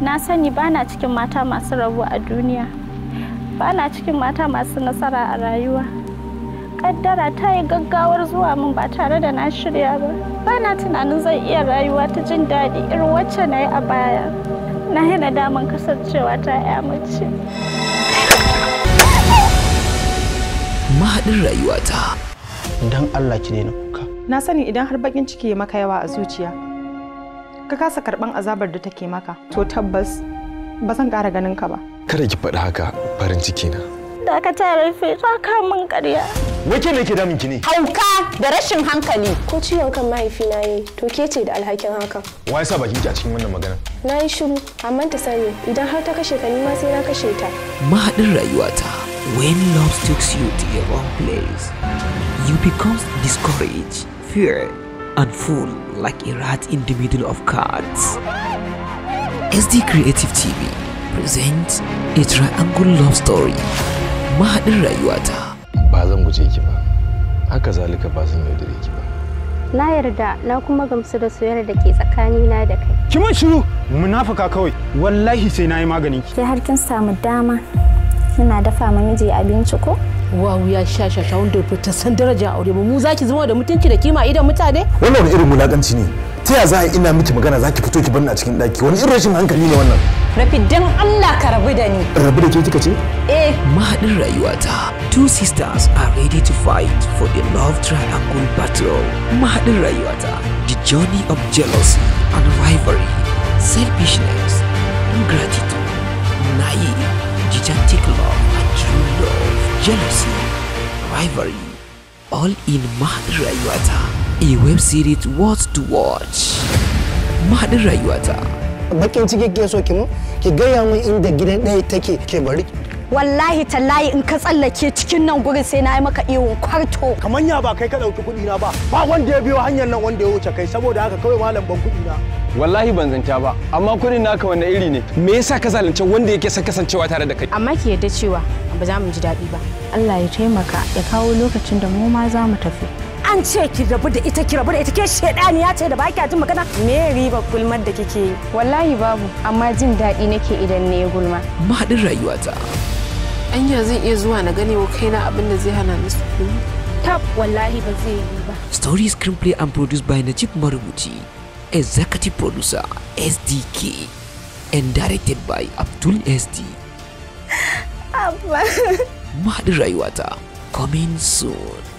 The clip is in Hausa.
na sani bana cikin mata masu rabo a duniya bana cikin mata masu nasara a rayuwa kaddara ta yi gaggawar zuwa min ba tare da na shirya ba bana tunanin zai iya rayuwa ta jin daɗi irin wacce na yi a baya na yi nadaman kasancewa ta mace mahaɗin ta. don allah ki na kuka na sani idan har bakin ciki ya maka yawa a zuciya ka kasa karban azabar da take maka to tabbas ba zan ƙara ganin ka ba kada ki faɗi haka farin ciki na da ka tare fi ka min ƙarya wake ne ke damun ki ne hauka da rashin hankali ko ciwon kan mahaifi na yi to ke ce da alhakin haka wai sa bakin ki a cikin wannan magana na yi shiru amma ta sani idan har ta kashe ka ni ma sai na kashe ta mahaɗin rayuwata when love takes you to your wrong place you become discouraged fear and full like a rat in the middle of cards. SD Creative TV presents a triangle love story. Mahaɗin rayuwata. Ba zan guje ki ba, haka zalika ba zan yaudare ki ba. Na yarda na kuma gamsu da soyayyar da ke tsakani na da kai. Ki mun shiru munafuka kawai wallahi sai na yi maganin ki. Ke har kin samu dama kina dafa ma miji abinci ko? wawu ya sha shasha wanda ta san daraja aure mu za ki zama da mutunci da kima idan mutane wannan wani irin mulakanci ne ta ya za a ina miki magana za ki fito ki barni a cikin daki wani irin rashin hankali ne wannan rafi dan Allah ka rabu da ni rabu da ke kika ce eh mahadin rayuwata two sisters are ready to fight for the love triangle battle mahadin rayuwata the journey of jealousy and rivalry selfishness gratitude nayi jijante jealousy, rivalry, all in Mahadin Yuata, a web series worth to watch. Mahadin Rayuwata. Bakin ciki ke so ki mu, ki gaya mun inda gidan ɗaya take ke bari wallahi tallahi in ka tsallake cikin nan gurin sai na yi maka iwon kwarto kamar ya ba kai ka ɗauki kuɗi na ba ba wanda ya biyo hanyar nan wanda ya wuce kai saboda haka kawai malam ban kuɗi na wallahi ban zanta ba amma kuɗin naka wanda iri ne me yasa ka zalunce wanda yake son kasancewa tare da kai amma ki yarda cewa ba za mu ji daɗi ba Allah ya taimaka ya kawo lokacin da mu ma za mu tafi an ce ki rabu da ita ki rabu da ita ke ya ce da ba ki jin magana me riba gulmar da kike yi wallahi babu amma jin daɗi nake idan ne gulma mahadin rayuwata anya zan iya zuwa na gane kaina abin da zai hana ni sukuni tab wallahi ba zai yi ba story screenplay and produced by Najib Marubuci executive producer SDK and directed by Abdul SD Abba Mahadin rayuwata coming soon